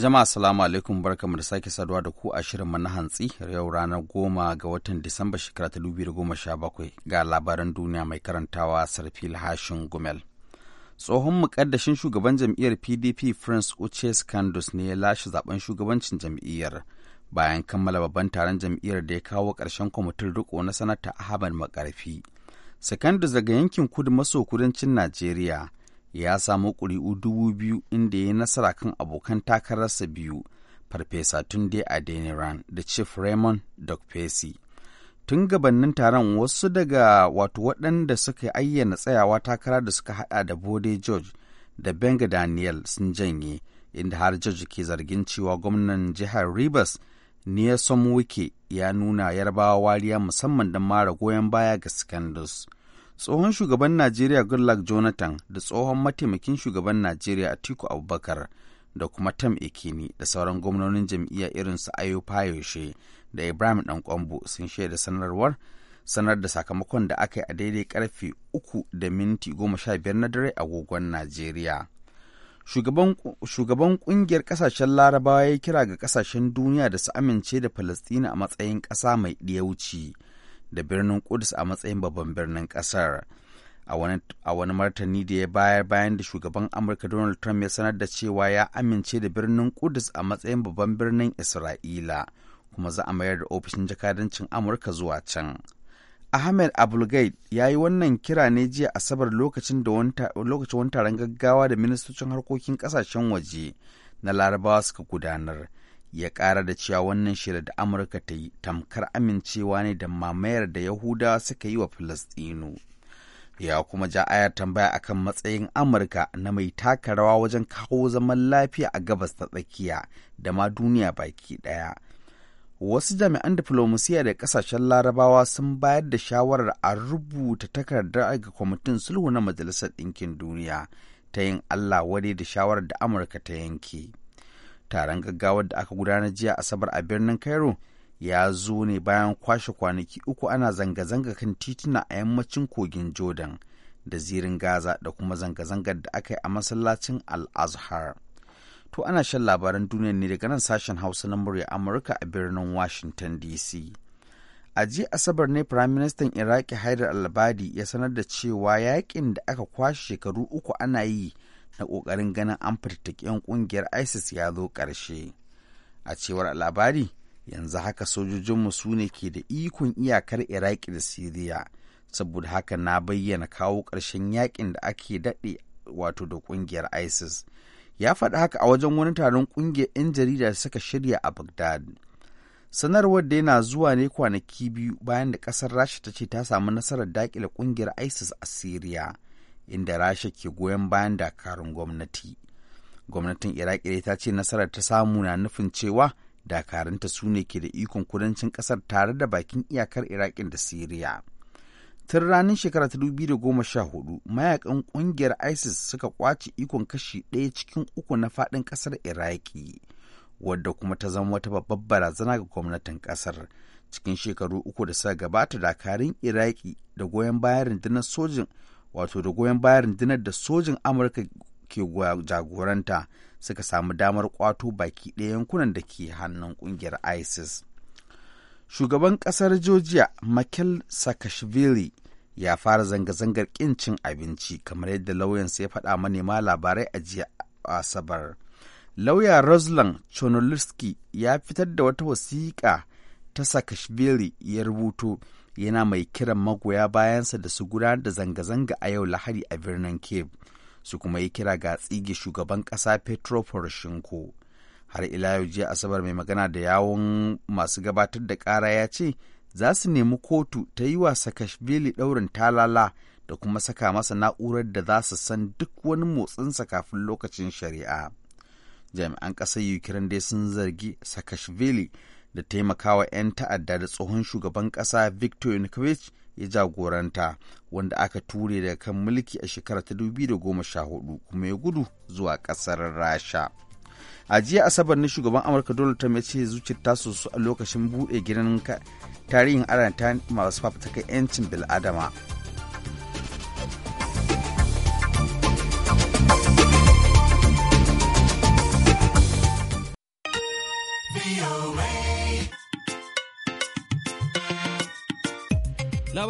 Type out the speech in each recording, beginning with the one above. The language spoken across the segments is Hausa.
Jama'a salamu alaikum barkamu da sake saduwa da ku a shirin na hantsi yau ranar goma ga watan Disamba shekara ta dubi da goma sha bakwai ga labaran duniya mai karantawa Sarfil Hashin Gumel. Tsohon mukaddashin shugaban jam'iyyar PDP Prince Uches Kandus ne ya lashe zaben shugabancin jam'iyyar bayan kammala babban taron jam'iyyar da ya kawo ƙarshen kwamitin riko na sanata Ahmad Makarfi. Sakandus daga yankin kudu maso kudancin Najeriya ya samu ƙuri'u dubu biyu inda ya yi nasara kan abokan takararsa biyu farfesa a adeniran da chief raymond pesi tun gabanin taron wasu daga wato waɗanda suka ayyana tsayawa takara da suka hada da bode george da benga daniel sun janye inda har george ke zargin cewa gwamnan jihar rivers ne ya wike ya nuna yarbawa wariya musamman don mara goyon baya ga scandals. tsohon shugaban najeriya goodluck jonathan da tsohon mataimakin shugaban najeriya atiku abubakar da kuma tam ekini da sauran gwamnonin jam'iyya irin su ayo fayoshe da ibrahim dankwambo sun shaida sanarwar sanar da sakamakon da aka yi a daidai karfe uku da minti goma sha biyar na dare agogon najeriya shugaban kungiyar kasashen larabawa ya kira ga kasashen duniya da su amince da falastina a matsayin ƙasa mai ɗiyauci. da birnin Kudus a matsayin babban birnin ƙasar. A wani martani da ya bayar bayan da shugaban Amurka Donald Trump ya sanar da cewa ya amince da birnin Kudus a matsayin babban birnin Isra'ila, kuma za a mayar da ofishin jakadancin Amurka zuwa can. Ahmed Abulgaid ya yi wannan kira ne jiya Asabar lokacin wani taron gaggawa da ministocin harkokin kasashen waje na Larabawa suka gudanar. ya ƙara da cewa wannan shirya da amurka ta yi tamkar amincewa ne da mamayar da yahudawa suka yi wa filistinu ya kuma ja ayar tambaya akan matsayin amurka na mai taka rawa wajen kawo zaman lafiya a gabas ta tsakiya da ma duniya baki ɗaya wasu jami'an diflomasiyya da ƙasashen larabawa sun bayar da shawarar a rubuta takardar ga kwamitin sulhu na majalisar ɗinkin duniya ta yin allah wadai da shawarar da amurka ta yanke taron gaggawar da aka gudanar jiya asabar a birnin cairo ya zo ne bayan kwashe kwanaki uku ana zanga-zanga kan tituna a yammacin kogin jordan da zirin gaza da kuma zanga-zangar da aka yi a masallacin al-azhar to ana shan labaran duniya ne daga nan sashen hausa na murya amurka a birnin washington dc a jiya asabar ne firaministan iraki haidar albadi ya sanar da cewa yakin da aka kwashe shekaru uku ana yi na kokarin ganin an fitattaki 'yan ƙungiyar isis ya zo ƙarshe a cewar labari yanzu haka sojojinmu su ne ke da ikon iyakar iraki da siriya saboda haka na bayyana kawo ƙarshen yakin da ake daɗe wato da ƙungiyar isis ya faɗi haka a wajen wani taron ƙungiyar 'yan jarida da suka shirya a bagdad sanarwar da yana zuwa ne kwanaki biyu bayan da ƙasar rasha ta ce ta samu nasarar daƙile ƙungiyar isis a siriya inda rasha ke goyon bayan dakarun gwamnati gwamnatin iraki ta ce nasarar ta samu na nufin cewa dakarunta su ne ke da ikon kudancin kasar tare da bakin iyakar iraƙin da siriya tun ranar shekara ta hudu mayakan kungiyar isis suka kwace ikon kashi ɗaya cikin uku na faɗin kasar iraki wadda kuma ta zama wata babbar barazana ga gwamnatin kasar cikin shekaru uku da suka gabata dakarun iraki da goyon bayan rundunar sojin wato da goyon bayan rundunar da sojin amurka ke jagoranta suka samu damar kwato baki ɗaya yankunan da ke hannun kungiyar isis shugaban ƙasar georgia michael sakashvili ya fara zanga-zangar ƙin cin abinci kamar yadda lauyansa ya faɗa manema labarai a jiya asabar lauya roslan chonolski ya fitar da wata wasiƙa ta sakashvili ya rubuto yana mai kiran magoya bayansa da su gudanar da zanga-zanga a yau lahadi a birnin cape su kuma yi kira ga tsige shugaban kasa petro poroshenko har ila yau jiya asabar mai magana da yawon masu gabatar da kara ya ce za su nemi kotu ta yi wa sakashvili daurin talala da kuma saka masa na'urar da za su san duk wani motsinsa kafin lokacin shari'a jami'an ƙasar ukraine dai sun zargi sakashvili da taimakawa 'yan ta'adda da tsohon shugaban ƙasa Victor Yanukovych ya jagoranta wanda aka ture daga kan mulki a shekarar ta 2014 kuma ya gudu zuwa ƙasar Rasha. A jiya Asabar na shugaban Amurka Donald Trump ya ce zuciyar ta su a lokacin buɗe gidan tarihin aranta masu kai 'yancin bil'adama.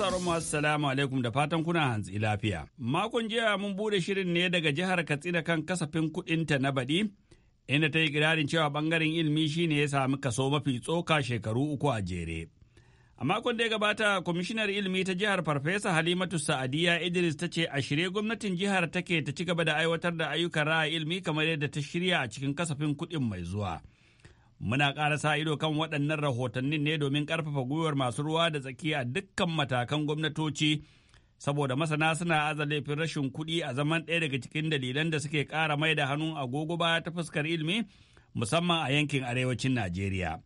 sauraron masu salamu alaikum da fatan kuna hanzi lafiya. Makon jiya mun bude shirin ne daga jihar Katsina kan kasafin kuɗinta na baɗi, inda ta yi kirarin cewa ɓangaren ilimi shine ya sami kaso mafi tsoka shekaru uku a jere. A makon da ya gabata, kwamishinar ilimi ta jihar Farfesa Halimatu Sa'adiya Idris ta ce a shirye gwamnatin jihar take ta ci gaba da aiwatar da ayyukan ra'a ilimi kamar yadda ta shirya a cikin kasafin kuɗin mai zuwa. Muna ƙara sa ido kan waɗannan rahotannin ne domin ƙarfafa gwiwar masu ruwa da tsaki a dukkan matakan gwamnatoci, saboda masana suna aza laifin rashin kuɗi a zaman ɗaya daga cikin dalilan da suke ƙara mai da hannun agogo baya ta fuskar ilimi, musamman a yankin arewacin Najeriya.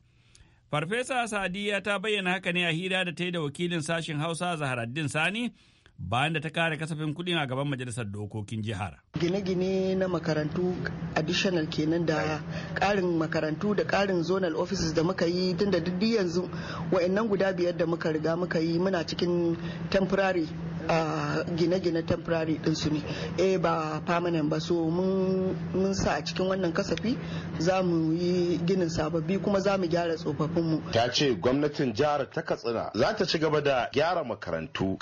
Farfesa Sadiya ta bayyana haka ne a hira da ta yi da wakilin sashen Hausa Zaharaddin Sani, bayan da ta kare kasafin kuɗi a gaban majalisar dokokin jihar. Gine-gine na makarantu additional kenan da ƙarin makarantu da ƙarin zonal offices da muka yi tun da duk yanzu wa'annan guda biyar da muka riga muka yi muna cikin temporary gine-gine temporary din su ne eh ba permanent ba so mun sa a cikin wannan kasafi za mu yi ginin sababbi kuma za mu gyara tsofaffin mu ta ce gwamnatin jihar ta katsina za ta ci gaba da gyara makarantu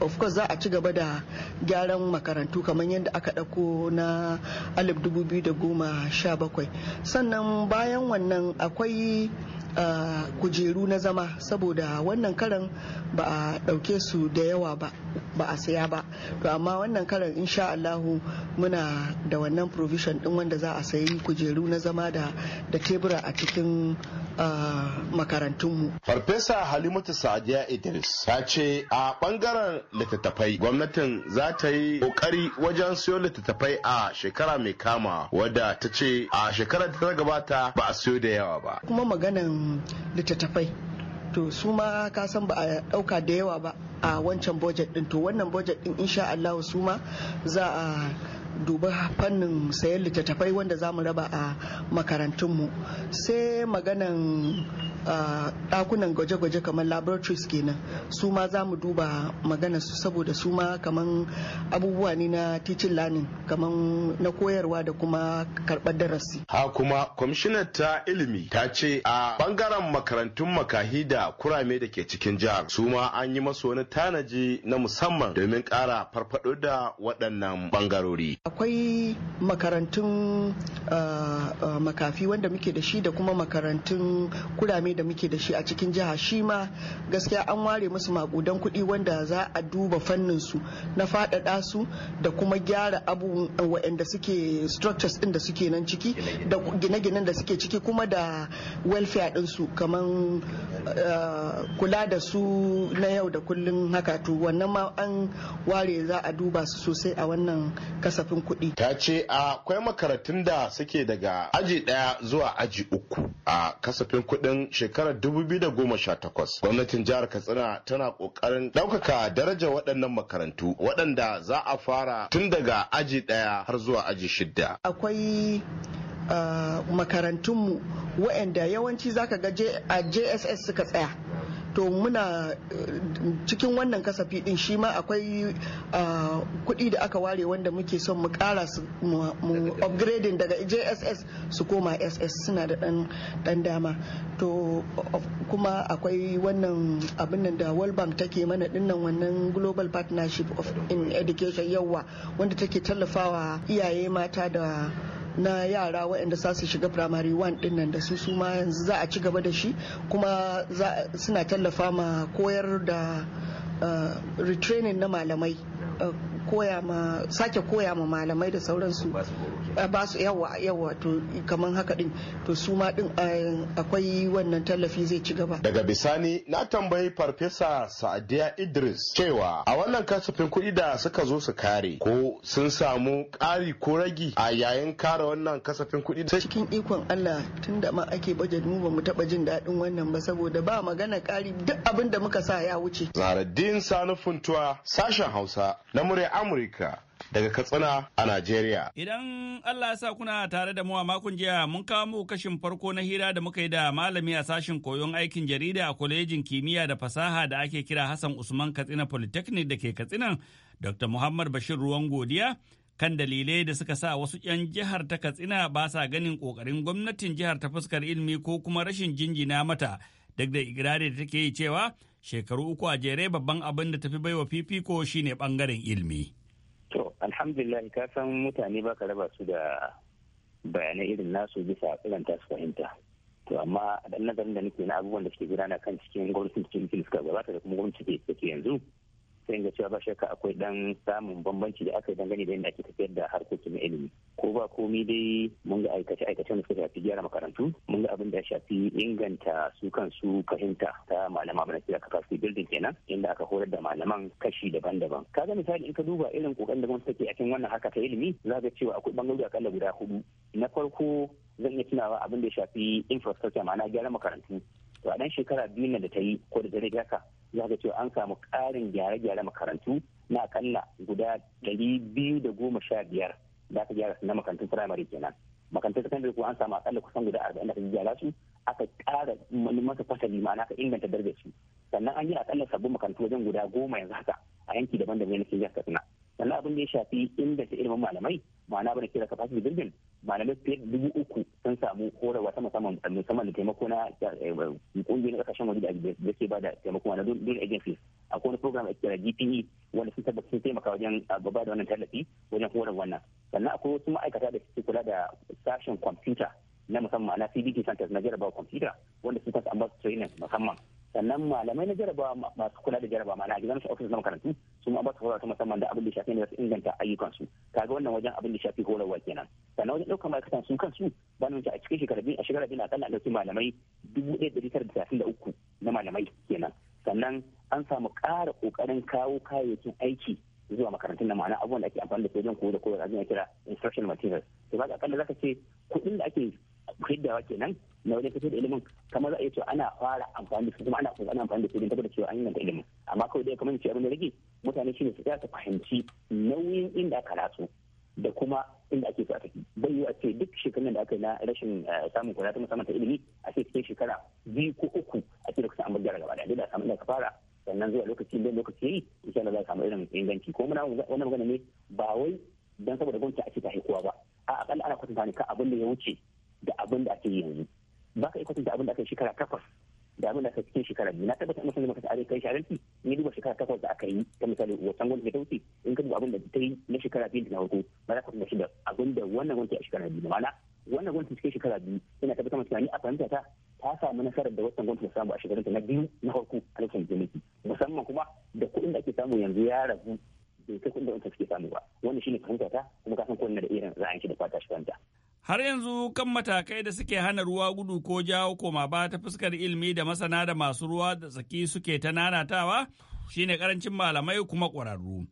of course za a ci gaba da gyaran makarantu kamar yadda aka dauko na alif da goma sha 2017 sannan bayan wannan akwai kujeru na zama saboda wannan karan ba a ɗauke su da yawa ba ba a saya ba to amma wannan karan insha Allahu muna da wannan provision din wanda za a sayi kujeru na zama da da tebura a cikin makarantunmu. Farfesa Halimatu Sadiya Idris ta ce a bangaren littattafai gwamnatin za ta yi kokari wajen siyo littattafai a shekara mai kama wadda ta ce a shekarar da ta gabata ba a siyo da yawa ba. Kuma maganan littattafai to su ma ka san ba a dauka da yawa ba a wancan budget din to wannan budget din insha Allah su ma za a duba fannin sayan littattafai wanda za mu raba a makarantunmu sai maganan dakunan gwaje-gwaje kamar laboratories kenan su ma za mu duba magana su saboda su ma kamar abubuwa ne na teaching learning kamar na koyarwa da kuma karɓar darasi. Ha kuma ta ilimi ta ce a bangaren makarantun makahi da kurame da ke cikin jihar su ma an yi masu wani tanaji na musamman domin ƙara farfaɗo da waɗannan bangarori. Akwai makarantun makafi wanda muke da shi da kuma makarantun kurame da muke da shi a cikin jiha shi ma gaskiya an ware musu makudan kuɗi wanda za a duba fannin su na faɗaɗa su da kuma gyara abubuwan waɗanda suke structures ɗin da suke nan ciki da gine-ginen da suke ciki kuma da welfare ɗin su kamar eh, kula da su na yau da kullun haka to wannan ma an ware za a duba su sosai a wannan kasafin kuɗi. Ta ce akwai makarantun da suke daga aji daya zuwa aji uku a kasafin kuɗin shekarar 2018 gwamnatin jihar katsina tana kokarin ɗaukaka daraja waɗannan makarantu waɗanda za a fara tun daga aji ɗaya har zuwa aji shidda akwai makarantunmu waɗanda yawanci zaka ga a jss suka tsaya to muna eh, cikin wannan kasafi din shi ma akwai kuɗi da aka ware wanda muke son mu ƙara su mu upgrading daga jss su koma ss suna da ɗan dama to kuma akwai wannan abin nan da world bank take mana dinnan wannan global partnership of in education yawa wanda take tallafawa iyaye mata da na yara waɗanda za su shiga primary one din nan da su su ma yanzu za a ci gaba da shi kuma suna tallafa ma koyar da eh, retraining na malamai eh, koya ma sake koya ma malamai da sauransu ba su yawa yawa to kamar haka din to su ma din eh, akwai wannan tallafi zai ci gaba daga bisani na tambayi farfesa sa'adiya idris cewa a wannan kasafin kuɗi da suka zo su kare ko sun samu ƙari ko ragi a yayin kare wannan kasafin kuɗi cikin ikon allah tun da ma ake baje mu ba mu taɓa jin daɗin wannan ba saboda ba magana kari duk abin da muka sa ya wuce zaradin sanufuntuwa sashen hausa na murya Amurka daga Katsina a Najeriya. Idan Allah ya sa kuna tare da mu a makon jiya mun kawo muku kashin farko na hira da muka yi da malami a sashin koyon aikin jarida a kwalejin kimiyya da fasaha da ake kira Hassan Usman Katsina Polytechnic da ke katsina Dr. Muhammad Bashir Ruwan Godiya kan dalilai da suka sa wasu 'yan jihar ta Katsina ba sa ganin kokarin gwamnatin jihar ta fuskar ilimi ko kuma rashin jinjina mata duk da igirari da take yi cewa shekaru uku a jere babban abin da tafi baiwa fifiko shine bangaren ilimi. To, alhamdulillah ka san mutane ba ka raba su da bayanai irin nasu bisa a ta su fahimta. To, amma dan nazarin da nake na abubuwan da suke gudana kan cikin gwamnatin cikin suka gabata da kuma gwamnati da yanzu, sai ga cewa ba shakka akwai dan samun bambanci da aka yi dangane da yadda ake tafiyar da harkokin na ilimi ko ba komi dai mun ga aikace aikace da suka shafi gyara makarantu mun ga abin da ya shafi inganta su kansu fahimta ta malama mana kira capacity building kenan inda aka horar da malaman kashi daban-daban Ka ga misali in ka duba irin kokarin da gwamnati take a cikin wannan haka ta ilimi za ka cewa akwai bangarori akalla guda hudu na farko zan iya tunawa abin da ya shafi infrastructure ma'ana gyaran makarantu to a dan shekara biyu da ta yi ko da dare haka za ka cewa an samu ƙarin gyare-gyare makarantu na kalla guda ɗari biyu da goma sha biyar da aka gyara na makarantun firamare kenan makarantun sakandare kuma an samu akalla kusan guda arba'in da aka gyara su aka ƙara masa fasali ma'ana aka inganta darajar su sannan an yi akalla sabbin makarantu wajen guda goma yanzu haka a yanki daban-daban na jihar katsina sannan abin da ya shafi ta ilimin malamai ma'ana abin da kira capacity building malamai fiye da dubu uku sun samu horarwa ta musamman musamman da taimako na kungiyoyin eh, kasashen waje da ke ba da taimako na dole agency a wani program a kira GPE wanda sun tabbata sun taimaka wajen ah, gaba da wannan tallafi wajen horar wannan sannan akwai wasu ma'aikata da suke kula da sashen kwamfuta na musamman na CBT centers na jarabawa kwamfuta wanda sun kasa ambassador training musamman sannan malamai na jarabawa masu kula da jaraba gidan su ofis na makarantu su ma ba su horar musamman da abin da shafi ne su inganta ayyukansu kaga wannan wajen abin da shafi horarwa kenan sannan wajen ɗaukar ma'aikatan su kansu ba nuna a cikin shekara biyu a shekara biyu na kan ɗauki malamai dubu ɗaya da tara da talatin da uku na malamai kenan sannan an samu ƙara ƙoƙarin kawo kayayyakin aiki zuwa makarantun na ma'ana abubuwan da ake amfani da su wajen koyo da koyo da kira instruction materials to ba ka akalla zaka ce kuɗin da ake hiddawa kenan na wajen fito da ilimin kamar za a yi cewa ana fara amfani da su kuma ana ana amfani da su don tabbata cewa an inganta ilimin amma kawai dai kamar ce abin da rage mutane shine su tsaya su fahimci nauyin inda aka da kuma inda ake so a tafi bai yiwu a ce duk shekarun da aka yi na rashin eh, samun kula ta musamman ta ilimi a ce cikin shekara biyu ko uku a ce da an bar gyara gaba da yadda samun da ka fara sannan zuwa lokaci da lokaci yayi sha Allah za a samu irin inganci ko muna wannan magana ne ba wai dan saboda gwamnati a ce ta haikuwa ba a akalla ana kwatanta ne ka abin da ya wuce da abin da ake yanzu ba ka da abin da aka yi shekara takwas da abin da aka cikin shekara biyu na tabbata masu zama kasa arewa in yi duba shekara takwas da aka yi ta misali wasan wanda ta wuce in ka duba abin da ta yi na shekara biyu da na hoto ba za ka kuma shi da abin da wannan wancan a shekara biyu ma'ana wannan gwamnati cikin shekara biyu yana tabbatar masu tunani a fahimta ta ta samu nasarar da wannan gwamnati ta samu a shekarunta na biyu na farko a lokacin gwamnati musamman kuma da kuɗin da ake samu yanzu ya ragu bai kai kuɗin da wancan suke samu ba wannan shine fahimta ta kuma ka san kowanne da irin ra'ayin shi da fata shi fahimta har yanzu kan matakai da suke hana ruwa gudu ko jawo koma ba ta fuskar ilimi da masana da masu ruwa da tsaki suke ta nanatawa shine karancin malamai kuma ƙwararru.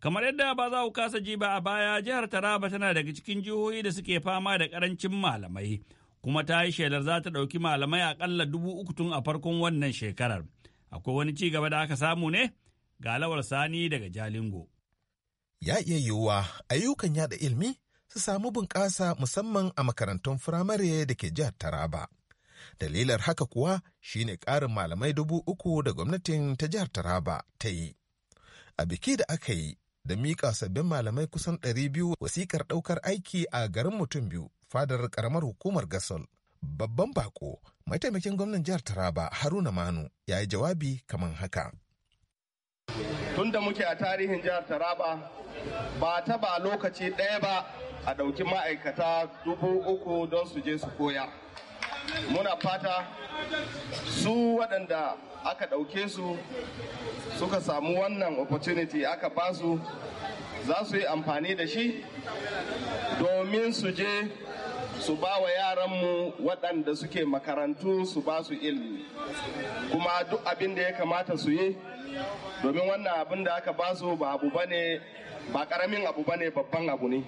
Kamar yadda ba za ku kasa ji ba a baya jihar Taraba tana daga cikin jihohi da suke fama da karancin malamai kuma ta yi shelar za ta ɗauki malamai aƙalla dubu uku tun a farkon wannan shekarar. Akwai wani ci gaba da aka samu ne? Ga lawar sani daga Jalingo. Ya iya yiwuwa ayyukan yada ilimi su samu bunƙasa musamman a makarantun firamare da ke jihar Taraba. Dalilar haka kuwa shine ƙarin malamai dubu uku da gwamnatin ta jihar Taraba ta yi. A biki da aka yi da miƙa sabbin malamai kusan ɗari biyu wasikar ɗaukar aiki a garin mutum biyu fadar ƙaramar hukumar Gasol. Babban bako mataimakin gwamnan jihar Taraba Haruna Manu ya yi jawabi kamar haka. Tunda muke a tarihin jihar Taraba ba ta ba lokaci ɗaya ba a ɗauki ma'aikata dubu uku don su je su koya muna fata su waɗanda aka ɗauke su suka samu wannan opportunity aka ba su za su yi amfani da shi domin su je su ba wa yaranmu waɗanda suke makarantu su ba su ilimi kuma duk abin da ya kamata su yi domin wannan abin da aka ba su ba abu bane ba karamin abu bane babban abu ne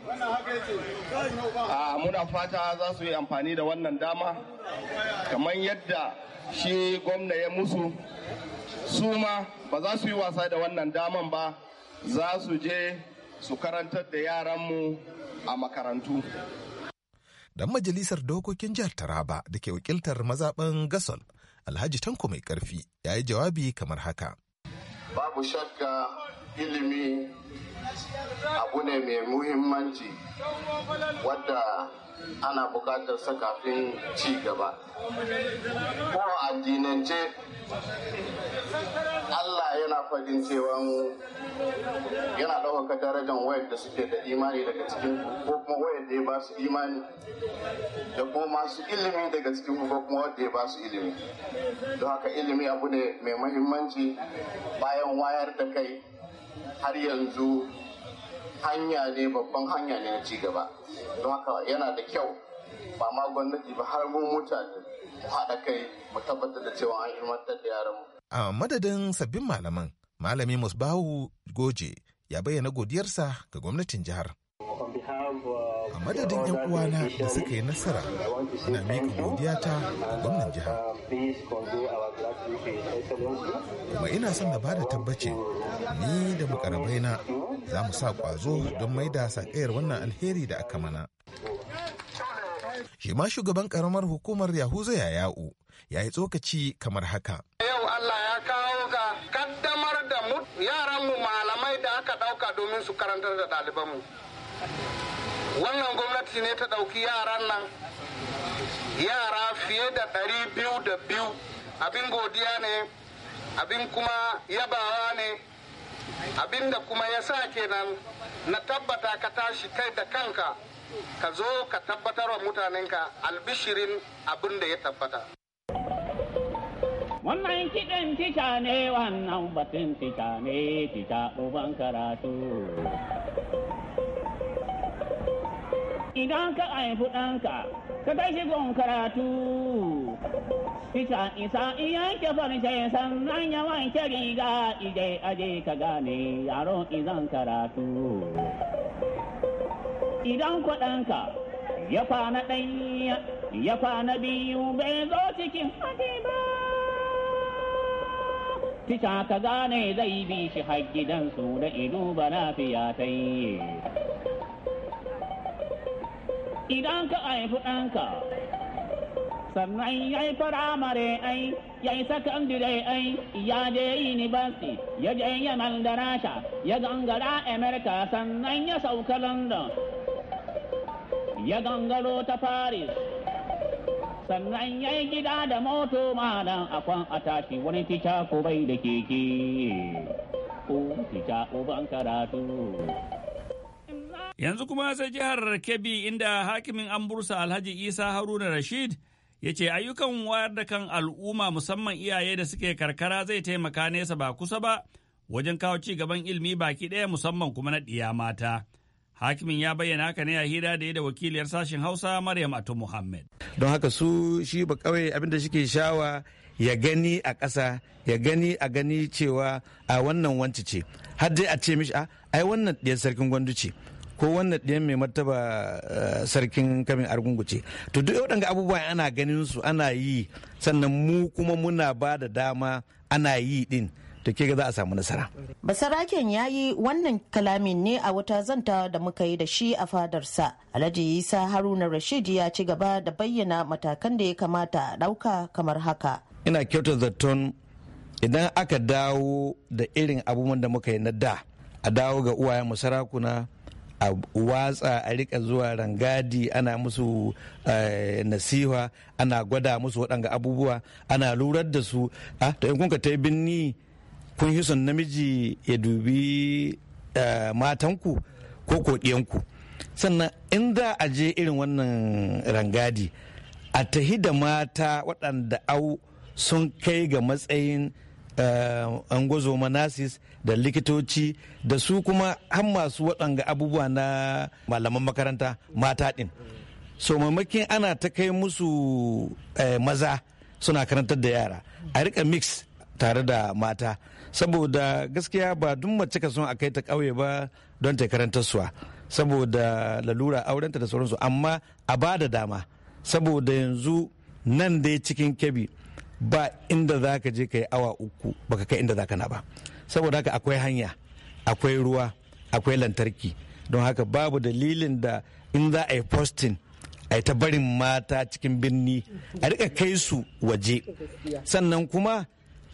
a muna fata za su yi amfani da wannan dama kamar yadda shi gwamna ya musu su ma ba za su yi wasa da wannan daman ba za su je su karantar da yaranmu a makarantu dan majalisar dokokin jihar taraba da ke wakiltar mazaɓin gasol alhaji tanko mai karfi ya yi jawabi kamar haka babu shakka ilimi abu ne mai muhimmanci wadda ana bukatar sa kafin ci gaba ko addinance Allah yana fadin cewa yana ɗaukaka darajar wayar da suke da imani daga cikin ko kuma wayar da ya ba su imani da kuma masu ilimi daga cikin ko kuma da ya ba su ilimi don haka ilimi abu ne mai mahimmanci bayan wayar da kai har yanzu hanya ne babban hanya ne na cigaba don haka yana da kyau ba ma gwamnati ba har mu mutane mu haɗa kai mu tabbatar da cewa an ilmantar da yaran mu A madadin sabbin malaman, Malami Musbahu Goje ya bayyana godiyarsa ga gwamnatin jihar. A madadin 'yan uwana da suka yi nasara, ina miƙa godiyata ga gwamnan jihar. Kuma ina son na bada tabbaci ni da mukarabaina za mu sa ƙwazo don mai da saƙayar wannan alheri da aka mana. Shi ma shugaban ƙaramar hukumar Yahuza Yaya'u ya yi tsokaci kamar haka. domin su karantar da ɗalibanmu wannan gwamnati ne ta ɗauki yaran nan yara fiye da ɗari biyu da biyu abin godiya ne abin kuma yabawa ne abin da kuma ya sa kenan na tabbata ka tashi kai da kanka ka zo ka tabbatar wa mutanenka albishirin abin da ya tabbata Wannan kiɗan tica ne wannan batun tica ne tica uban karatu. Idan ka haifi ɗanka, ka kai shi gon karatu. Tica isa iya ke farce sannan ya wanke riga ije aje ka gane yaro izan karatu. Idan kwaɗanka ya kwana ya kwana biyu bai zo cikin hadi ba. tisha ka gane zai bi shi har gidansu da ido ba lafiya ta yi idan ka haifi ɗanka sannan ya yi firamare ai ya yi sakandire ai ya je university ya je yaman da rasha ya gangara america sannan ya sauka london ya gangaro ta paris sannan ya yi gida da moto malam akwan a tashi wani tica ko bai da keke ko tica uban karatu yanzu kuma sai jihar kebbi inda hakimin an bursa alhaji isa haruna rashid ya ce ayyukan wayar da kan al'umma musamman iyaye da suke karkara zai taimaka nesa ba kusa ba wajen kawo ci gaban ilimi baki ɗaya musamman kuma na ɗiya mata Hakimin ya bayyana haka ne a hira da ya da wakiliyar sashen Hausa Maryam ato muhammed. Don haka su shi ba kawai abinda shike shawa ya gani a ƙasa ya gani a gani cewa a wannan wanci ce har dai a ce mishi a ai wannan ɗiyan sarkin gwandu ce ko wannan ɗiyan mai martaba eh, sarkin kamin argungu ce to duk waɗanda abubuwa ana ganin su ana yi sannan mu kuma muna ba da dama ana yi din. to ke ga za a samu nasara. Basaraken ya yi wannan kalamin ne a wata zanta da muka yi da shi a fadarsa. Alhaji Isa Haruna Rashid ya ci gaba da bayyana matakan da ya kamata a ɗauka kamar haka. Ina kyauta zaton idan aka dawo da irin abubuwan da muka yi na da a dawo ga uwaya sarakuna a watsa a rika zuwa rangadi ana musu eh, nasiha ana gwada musu waɗanga abubuwa ana lurar da su a ah, to in kun ka ta yi binni kun yi son namiji ya dubi eh, matanku ko ko sannan in za a je irin wannan rangadi a tahi da mata waɗanda au sun kai ga matsayin eh, angozo manasis da likitoci da su kuma har masu waɗanga abubuwa na malaman makaranta mata ɗin so ana ta kai musu eh, maza suna karantar da yara a rika mix tare da mata saboda gaskiya ba duk mace ka son a kai ta ƙauye ba don ta karantar suwa saboda lalura aurenta da sauransu amma a ba da dama saboda yanzu nan dai cikin kebi ba inda za ka je ka yi awa uku baka kai inda za ka na ba saboda haka akwai hanya akwai ruwa akwai lantarki don haka babu dalilin da in za a yi posting a yi ta barin mata cikin birni a rika kai su waje sannan kuma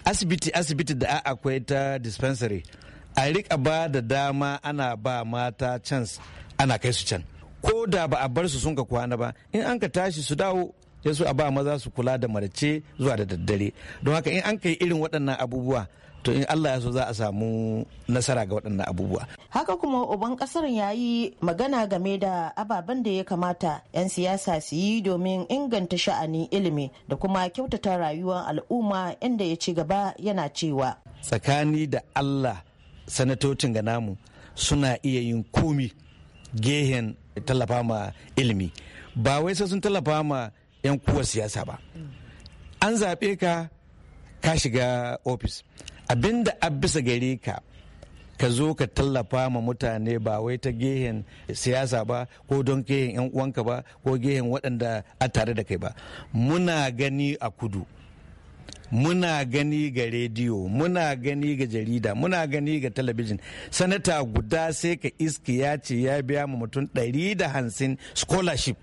asibiti asibiti da akwai ta dispensary a rika ba da dama ana ba mata chance ana kai su can ko da ba a bar su sun ka kwana ba in an ka tashi su dawo sai su a ba maza su kula da marace zuwa da daddare don haka in an yi irin waɗannan abubuwa to in Allah ya so za a samu nasara ga waɗannan abubuwa. Haka kuma uban ƙasar ya yi magana game da ababen da ya kamata 'yan siyasa su yi domin inganta sha'ani ilimi da kuma kyautata rayuwar al'umma inda ya ci gaba yana cewa. Tsakani da Allah sanatocin ga namu suna iya yin komi gehen tallafa ma ilimi ba wai sai sun tallafa ma 'yan kuwa siyasa ba. An zaɓe ka ka shiga ofis abinda a bisa gare ka ka zo ka tallafa ma mutane ba wai ta gehen siyasa ba ko don gehen yan uwanka ba ko gehen waɗanda a tare da kai ba muna gani a kudu muna gani ga rediyo muna gani ga jarida muna gani ga talabijin sanata guda sai ka iski ya ce ya biya ma mutum 150 scholarship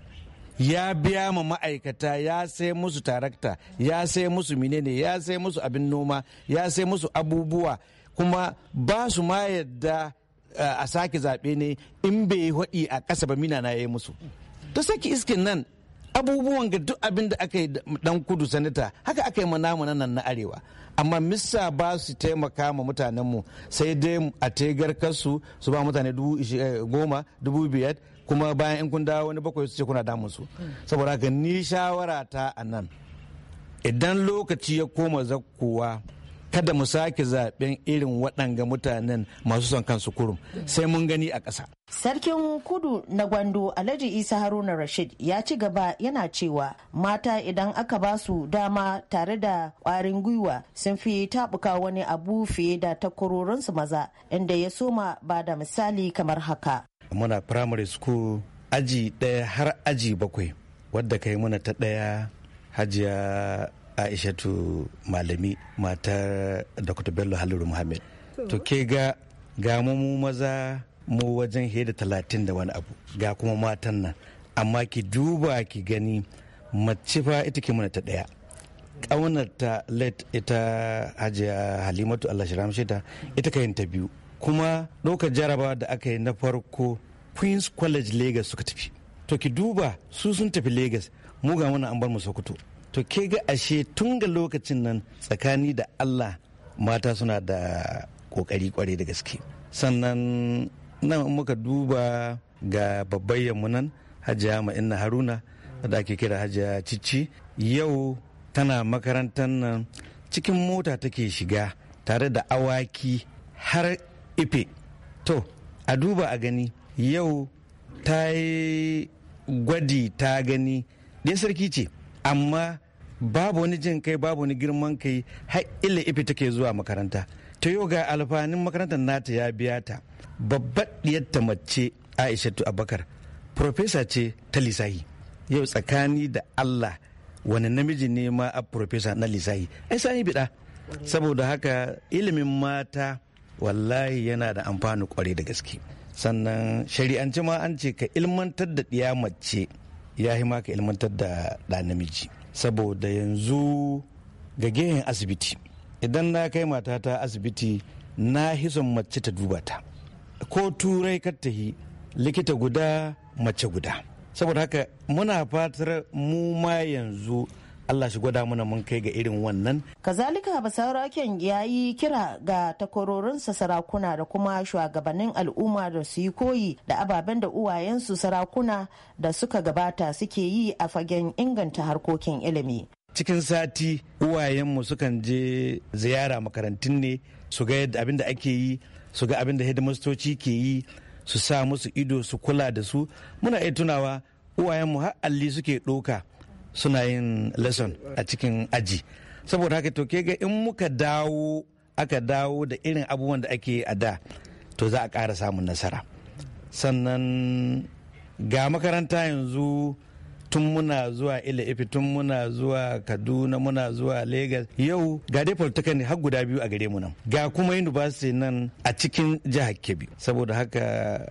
ya biya ma ma'aikata ya sai musu tarakta ya sai musu menene ya sai musu abin noma ya sai musu abubuwa kuma ba su ma yadda eh, a sake zaɓe ne in bai yi haɗi a ƙasa ba mina na ya yi musu ta saki iskin nan abubuwan ga duk abin da aka yi dan kudu sanita haka aka yi na nan na arewa amma missa ba su taimaka ma mutanenmu sai dai a tegar kasu su ba mutane eh, goma dubu biyar kuma bayan in kun dawo wani bakwai su ce kuna damun su saboda haka ni shawara ta a nan idan lokaci ya koma zakkowa kada mu sake zaben irin waɗanga mutanen masu son kansu kurum sai mun gani a ƙasa. Sarkin kudu na gwando Alhaji Isa Haruna Rashid ya ci gaba yana cewa mata idan aka ba su dama tare da ƙwarin gwiwa sun fi taɓuka wani abu fiye da takwarorinsu maza inda ya soma ba da misali kamar haka. muna primary school aji ɗaya har aji bakwai wadda kai muna ta ɗaya hajiya aishatu malami matar dr bello haliru muhammad to ke ga ga mu maza mu wajen heda talatin da wani abu ga kuma matan nan amma ki duba ki gani mace fa ita ke muna ta ɗaya ta late ita hajiya halimatu allah shi ita ka yin ta biyu kuma ɗaukar jaraba da aka yi na farko queens college lagos suka tafi to ki duba su sun tafi lagos mu ga mana an bar mu sokoto to ke ga ashe tun ga lokacin nan tsakani da allah mata suna da kokari kwarai da gaske sannan nan muka duba ga babbayyan mu nan hajiya ma'ina haruna da ake kira hajiya cici yau tana makarantar nan cikin mota take shiga tare da awaki har ife to a duba a gani yau ta yi gwadi ta gani ɗaya sarki ce amma babu wani jin kai babu wani girman kai har ila ife take zuwa makaranta ta yau ga alfanin makarantar nata ya biya ta babbar ta mace aishatu abakar profesa ce ta lisahi yau tsakani da allah wani namiji ne ma a profesa na lisahi ai sani biɗa saboda haka ilimin mata wallahi yana da amfani kwarai da gaske sannan shari'anci ma an ce ka ilmantar da ɗiya mace ya ma ka ilmantar da ɗa namiji saboda yanzu ga gehen asibiti idan na kai matata asibiti na hison mace ta duba ta ko turai kattahi likita guda mace guda saboda haka muna fatar mu ma yanzu Allah shi gwada mana mun kai ga irin wannan. Kazalika basaraken ya yi kira ga takwarorinsa sarakuna da kuma shugabannin al'umma da su yi koyi da ababen da uwayensu sarakuna da suka gabata suke yi a fagen inganta harkokin ilimi. Cikin sati uwayenmu sukan je ziyara makarantun ne su ga yadda abin da ake yi su ga abin da hidimastoci ke yi su sa musu ido su kula da su muna iya tunawa uwayenmu har alli suke ɗoka suna yin lesson a cikin aji saboda haka to ke ga in muka dawo aka dawo da irin abubuwan da ake a da to za a ƙara samun nasara sannan ga makaranta yanzu tun muna zuwa ila ifi tun muna zuwa kaduna muna zuwa lagos yau ga dai ne har guda biyu a gare mu nan ga kuma university nan a cikin jihar kebbi saboda haka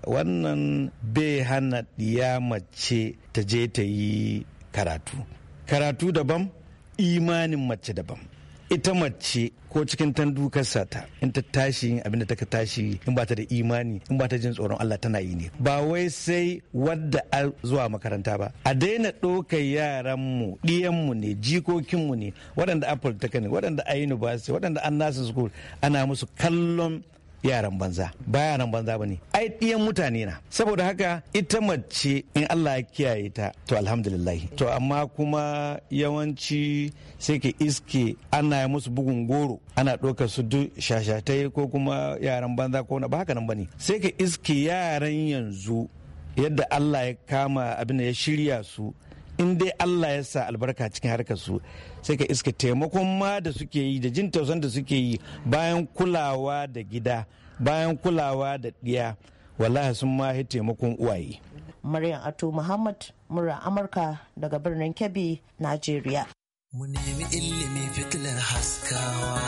wannan bai hana ya mace ta je ta yi karatu karatu daban imanin mace daban ita mace ko cikin tandukarsa sata in ta tashi abinda ta tashi in ba ta da imani in ba ta jin tsoron Allah tana yi ne ba wai sai wadda a zuwa makaranta ba a daina ɗaukar yaran mu ɗiyan mu ne jikokin mu ne waɗanda apple ta ne waɗanda a university waɗanda an nasu school ana musu kallon yaran banza ba yaran banza bane ai ɗiyan mutane na saboda haka ita mace in Allah ya kiyaye ta to alhamdulillah to amma kuma yawanci sai ke iske ana yi musu bugun goro ana ɗauka su duk shashatai ko kuma yaran banza ko na ba haka nan bane sai ke iske yaran yanzu yadda Allah ya kama abin da ya shirya su in dai Allah ya sa albarka cikin harkar su sai ka iska taimakon ma da suke yi da jin tausan da suke yi bayan kulawa da gida bayan kulawa da ɗiya wallahi sun ma taimakon uwaye. Maryam Ato Muhammad mura Amurka daga birnin Kebbi, Najeriya. Mu nemi ilimi fitilar haskawa,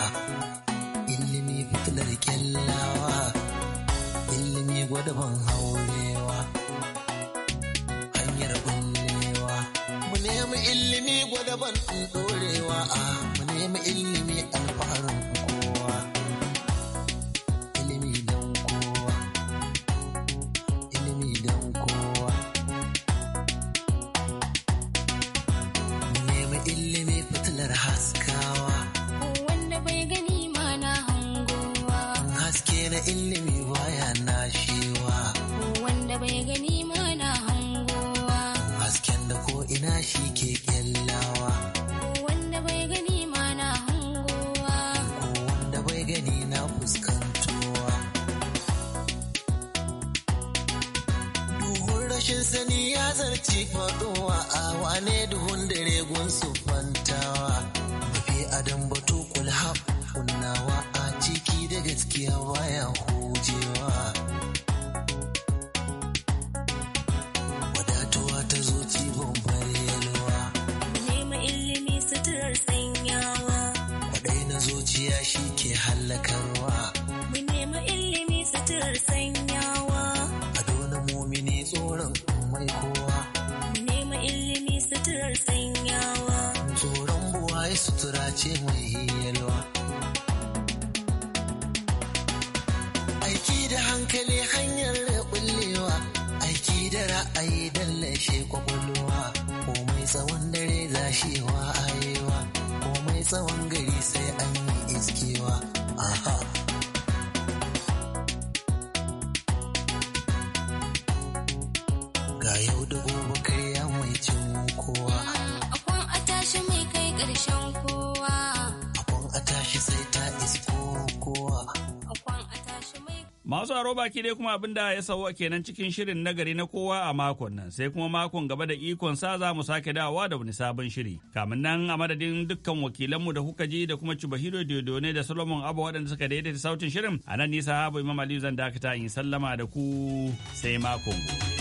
ilimi fitilar kyallawa, ilimi gwada ban haurewa. gaban ɗorewa a mu nemi ilimi alfaharin kowa ilimi don kowa ilimi don kowa nemi ilimi fitilar haskawa wanda bai gani ma na hangowa haske na ilimi faɗowa a wane duhun dare gunsu. ga yau da mai cin kowa a mai kai ƙarshen kowa a sai ta isko kowa masu aro baki dai kuma abin da ya sauwa kenan cikin shirin nagari na kowa a makon nan sai kuma makon gaba da ikon sa za mu sake dawowa da wani sabon shiri kamin nan a madadin dukkan wakilanmu da kuka ji da kuma Chubahiro ne da Solomon Abba waɗanda suka daidaita sautin shirin a nan nisa Habu Imam zan dakata in sallama da ku sai makon gobe.